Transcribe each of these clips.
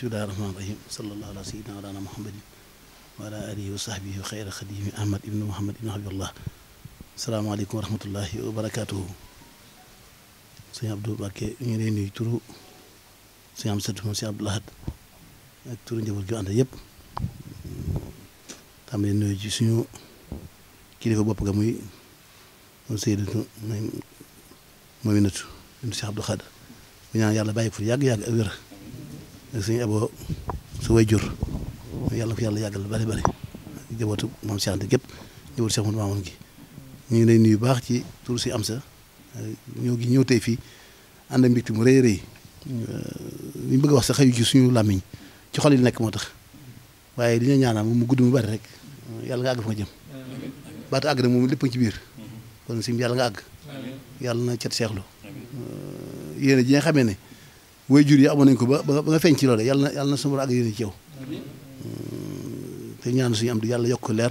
bismillahi rahmaani rahim sallallahu ala sayyidina wa alana muhammadin wa ala alihi wa sahbihi xayra xadimi ahmad ibnu muhammad ibnu habiballah asalaamaaleykum wa rahmatullahi wa barakaatuhu sëñ Abdou Mbacke ñu ngi lay nuyu turu sëñ am turu njaboot gi ànd yëpp tam leen nuyu suñu kilifa bopp ga muy moom Seydou mooy Mominatu ñu Cheikh Abdou Khadre ñaan yàlla bàyyi ko fi yàgg-yàgg ak suñu aboo su way jur yàlla ko yàlla yàggal bari bari jabootu moom Cheikh Anta gépp jabootu Cheikh Mouhamadou Mamoune gi ñu ngi lay nuyu baax ci tur si am sa ñëw gi ñëw tey fii ànd ak mbégte mu rëy rëy euh, ñu bëgg a wax sa xëyu ci suñu làmmiñ ci xol yi nekk moo tax waaye li ñu ñaanal moom mu gudd mu bari rek yàlla nga àgg fa nga jëm baatu àgg na moom lépp ci biir kon sim yàlla nga àgg yàlla na cet seexlu euh, yéen ji nga xamee ne way jur yi amoon nañ ko ba ba nga feeñ ci loolu yàlla na yàlla na sama ak ci yow te ñaan suñu am di yàlla yokk leer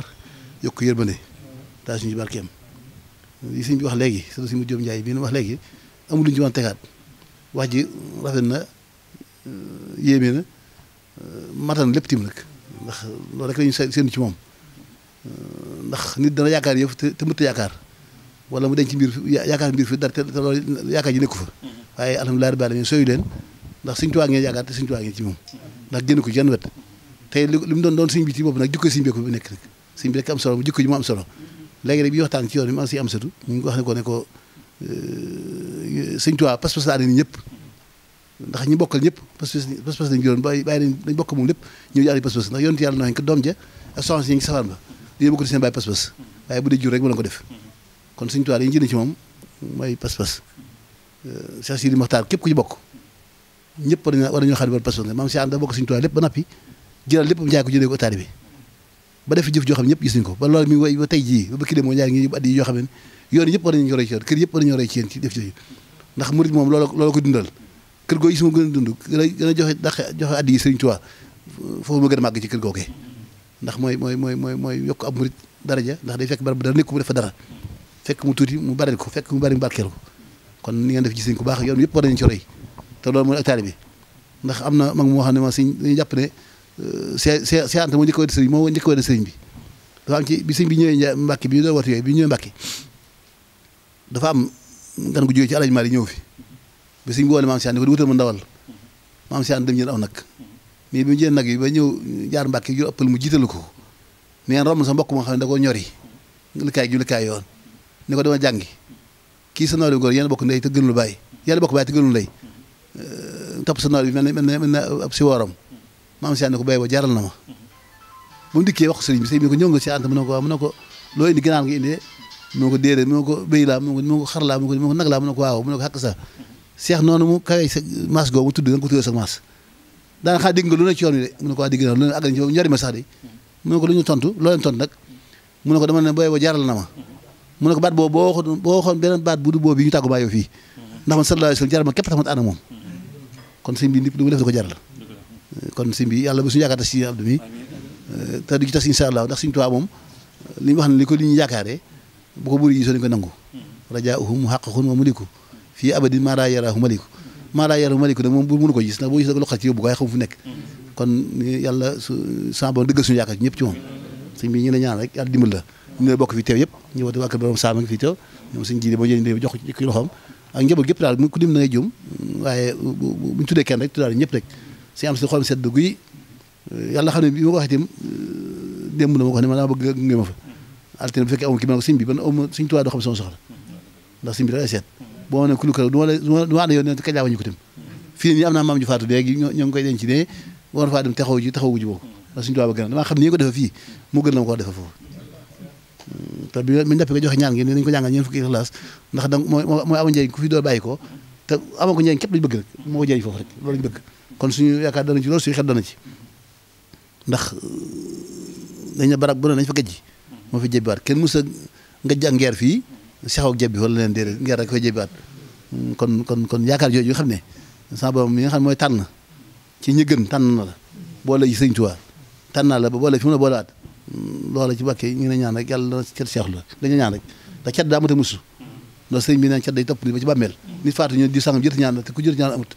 yokk yërmande taa suñu ci barkeem yi sëñ bi wax léegi sëñ si mu Jóob Njaay bii wax léegi amul lu ñu ci mën tegaat wax ji na euh, yéeme na euh, matan lépp tim nag ndax loolu rek lañu seen ci moom euh, ndax nit dana yaakaar yëf te te mënta yaakaar wala mu denc mbir yaakaar mbir fi dara te loolu yaakaar ji nekku fa mm-hmm. waaye alhamdulilah rabbil alamin sooyu leen ndax Sëñ Tuubaa ngeen yaakaar te Sëñ Tuubaa ci moom ndax génn ko jenn wet tey li mu doon doon sëñ bi ci bopp nag jikko sëñ bi ko nekk nag sëñ bi rek am solo bu jikko ji mu am yoon ñu ngi wax ne ne ko euh, Sëñ Tuubaa pas-pas laa ni ñëpp ndax ñu bokkal ñëpp pas-pas pas-pas lañu jëloon bàyyi bàyyi dañ bokk lépp ñëw jaari pas-pas ndax yonent yàlla nooy ko doom ja ak soxna si ñu ngi safaan ba dañu bokk di seen bàyyi pas-pas waaye bu dee jur rek mën na ko def kon Sëñ Tuubaa dañu jënd ci moom mooy sa pas euh, Cheikh Sidi Mokhtar képp ku ci bokk ñëpp war nañoo war nañoo xam ne ban personne maam da bokk suñu tuwaay ba noppi jëlal lépp mu jaay ko jëlee ko taalibe ba def jëf joo ne ñëpp gis ko ba loolu gën a dund ci kër googee ndax mooy mooy mooy mooy yokk ab murid daraja ndax day fekk barab dara nekku mu def fa dara fekk mu tuuti mu bareel ko fekk mu bari mu barkeel ko kon ni ngeen def gis ko baax yoon yëpp war nañu ci roy te loolu mooy ak taalibe bi ndax am na mag moo xam ne ma sëñ dañuy jàpp ne see see see moo njëkk a wane sëriñ moo njëkk a wane sëriñ bi dafa ci bi sëñ bi ñëwee Mbàkke bi ñu doon woote yooyu bi ñëwee Mbàkke dafa am gan gu jógee ci Alaaji Maalik ñëw fi bi sëñ bi woole maam si ànd ko di wutal ma ndawal maam si ànd dem jënd aw nag mais bi mu jënd nag yi ba ñëw jaar Mbàkke yu ëppal mu jiital ko neen romb sa mbokk moo xam ne da koo ñori likaay ju likaay yoon ni ko dama jàngi kii sa noori góor yéen bokk ndey te gënul bàyyi yéen bokk bàyyi te gënul ndey topp sa noor bi mel ne mel ne ab si wooram maam si ne ko béy ba jaral na ma ba mu dikkee wax ko sëriñ bi sëriñ bi ne ko ñëw nga si ànt mu ne ko waaw mu ne ko loo indi ginaar nga ba jaaral na ma mu ne ko baat boobu boobu ñu tàggu baa yow fii ndax man sallallahu ma képp tax ma ànd moom kon sëñ bi lépp lu mu def da ko jaral kon sëñ bi yàlla bu suñu yaakaar si abdu mi te du ci tas incha allah ndax suñu tubaab moom li ñu wax ne li ko li ñu yaakaaree bu ko bëri yi soo ñu ko nangu rajauhum xaqaqun wa muliku fii abadin maa laa yaraahu maliku maa laa yaraahu maliku nag moom bu mënu ko gis ndax boo gis da ko loxal ci yóbbu sa borom dëggal suñu ñu la ñu la jox ci loxoom ak njaboot gépp daal ku lim na ngay jum waaye buñ tuddee kenn rek tuddaale ñëpp rek si am si xolam sedd guy yàlla xam ne bi ma ko waxee itam euh, démb na ma ko wax ne maanaam ma fa altine bu fekkee amul ki ma ko da ay seet boo ma ne kulu kër du ma la du ma ànd yoon ne ka jaawañu ko tam fii nii am naa maam ju faatu léegi ñoo ngi koy denc ne war faa dem taxaw ji taxaw ji boobu ndax sëñ Tuubaa ba gën a damaa xam nii ko defe fii mu gën la ko defe ñu fukki ixlaas mooy aw njëriñ door bàyyi ko te amoo ko njëriñ képp lañu bëgg rek moo ko njëriñ foofu rek loolu lañu bëgg kon suñu yaakaar dana ci loolu suñu xel dana ci ndax dañ euh, ne barab bu ne nañ fa gëj ji moo fi jébbiwaat kenn mës a ngëj ak ngeer fii saxaw ak jébbi wala leen déedéet ngeer rek fay jébbiwaat hmm, kon kon kon yaakaar jooju nga xam ne sa mi nga xam ne mooy tànn ci ñi gën tànn na la boole yi sëñ Tuubaa tànn naa la ba boole fi mu la boolewaat hmm, loola ci bàkkee ñu ne ñaan rek yàlla dana cet seexlu dañu ñaan rek ndax sëñ bi neen cat day topp ni ba ci bàmmeel nit faatu ñu di sàngam jërti ñaan la te ku jërti ñaan amut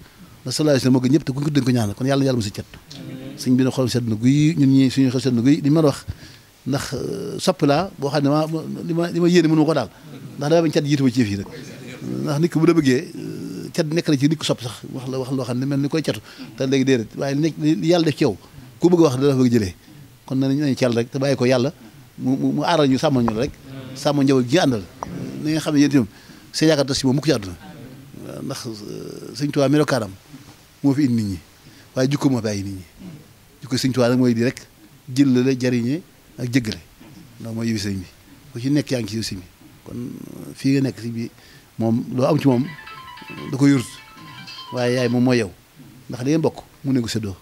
ndax sallallahu alayhi wasallam moo gën ñëpp te ku ñu ko dénk ko ñaan la kon yàlla yàlla mu si cat sëñ bi a euh, ma li ma li ma yéene mënu ma ko daal ndax daa bañ cat jiitu ma ci yëf yi rek ndax nit ki bu la bëggee euh, cat nekk na ci nit sopp sax wax la wax loo xam ne mel ni koy catu te léegi déedéet waaye li yàlla def ci yow ku bëgg wax dafa bëgg jëlee kon nañ nañu ceel rek te bàyyi ko yàlla mu aaral ñu sàmmal ñu la rek sàmmal njaboot gi àndal na ngeen xam ne yéen itam seen yaakaar tas ci moom mukk ci àdduna ndax euh, sëñ Tuubaa melokaanam moo fi indi nit ñi waaye jukko moo fi ay nit ñi jukko sëñ nag mooy di rek jëllale jariñe ak jëggale ndax mooy yiwi sëñ bi ku ci nekk yaa ngi ci yiw sëñ kon euh, fii nga nekk sëñ bi moom loo am ci moom da ko yurut waaye yaay moom mooy yow ndax da ngeen bokk mu nekk seddoo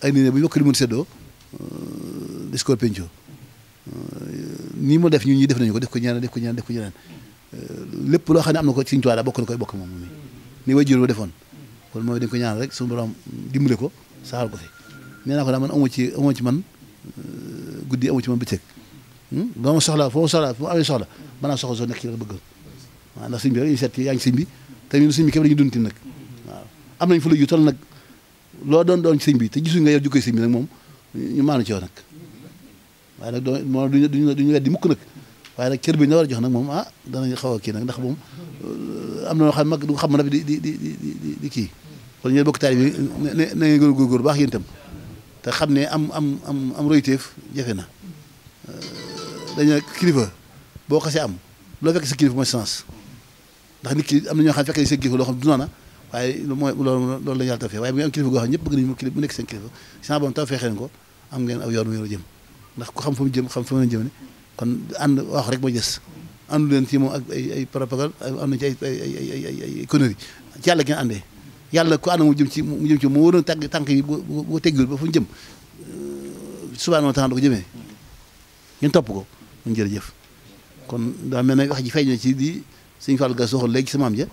séddoo ay nit ne bu ñu bokk di euh, nii mu def ñun ñii def nañu ko def ko ñeneen def ko ñeneen def lépp loo xam ne am na ko Sëriñ Tuubaa daa bokk na koy bokk moom mi ni way jur ba defoon kon mooy dañ ko ñaan rek suñu borom dimbale ko saxal ko fi nee naa ko daa man amu ci amu ci man euh, guddi amu ci man bëccëg hmm? ba ma soxla foo soxla foo amee soxla mën naa soxla soo nekk ci la bëgg waaw ndax sëñ bi rek ñu seet ci yaa ngi sëñ bi te ñun sëñ bi képp dañu dund nag waaw am nañ fa lu jutal nag loo doon doon ci sëñ bi nga yor jukkee sëñ nag moom ñu maanu ci yow nag waaye nag doo moo mukk nag waaye nag cër bi ñu jox nag moom ah danañ xaw kii nag ndax moom euh, am na ñoo xam mag du xam nag di di di di di kii kon ñooy bokk taal bi na na ngeen baax yéen ta te xam ne am am am am royteef jafe na euh, dañu kilifa boo xasee am loo fekk sa kilifa mooy sens ndax nit ki am na ñoo xam fekk nañ kilifa loo xam du noona waaye loolu loolu la ñu yàlla waaye bu ngeen am kilifa goo xam ñëpp bëgg mu nekk seen kilifa sans bon tawfeexee ko am ngeen aw yoon wéeru jëm ndax ku xam fa mu jëm xam fa mu jëm kon ànd wax rek mooy des àndu leen ci moom ak ay ay propagande am na ci ay ay ay ay ay conneries ci yàlla ngeen àndee yàlla ku ànd mu jëm ci mu jëm ci mu wóor na tànk tànk yi bu bu teggul ba fu mu jëm euh, subhaanahu wa taala du ko jëmee ngeen topp ko mun jërëjëf kon daa mel ne ci di Sëñ Fall Gass waxoon léegi sama am ja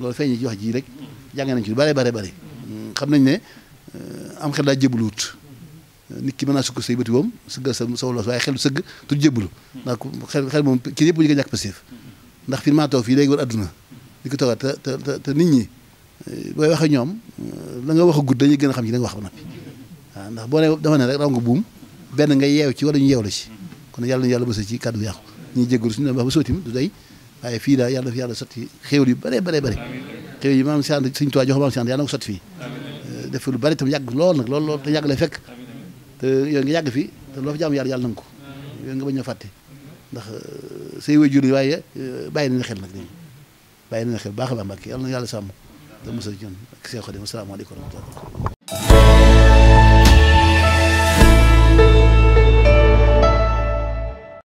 loolu feeñ ci wax ji rek jàng ci bare bare bare hmm, xam nañ ne euh, am xel daa jëbluwut nit ki a naa sukk say bëti boom a sa sawlos waaye xelu sëgg tu jébbalu ndax xel xel moom ci yëpp ñu ko ñàkk passif ndax fi maa toog fii léegi war adduna di ko toogaat te te te nit ñi eh, booy wax ñoom eh, la wax a gudd dañuy gën a xam ci da wax ba noppi waaw ndax boo ne dafa ne rek raw nga buum benn nga yeew ci wala ñu yeew la ci kon yàlla na yàlla bësa ci kàddu yàqu ñuy jégalu suñu wax ba sootim du day waaye fii daal yàlla fi yàlla sotti xéewal yu bare bare bare xéewal yi maam si ànd suñu tuwaa jox maam si ànd yàlla sotti fii eh, def lu bari tam te yow nga yàgg fi te loo fi jaamu yàlla yàlla nangu ko yow nga bañ a fàtte ndax euh, say waajur yi waaye na euh, nañu xel nag léegi bàyyi nañu xel baax a baax mbàkk yàlla na yàlla sàmm te mosal ci ak seen xarit asalaamaaleykum wa rahmatulah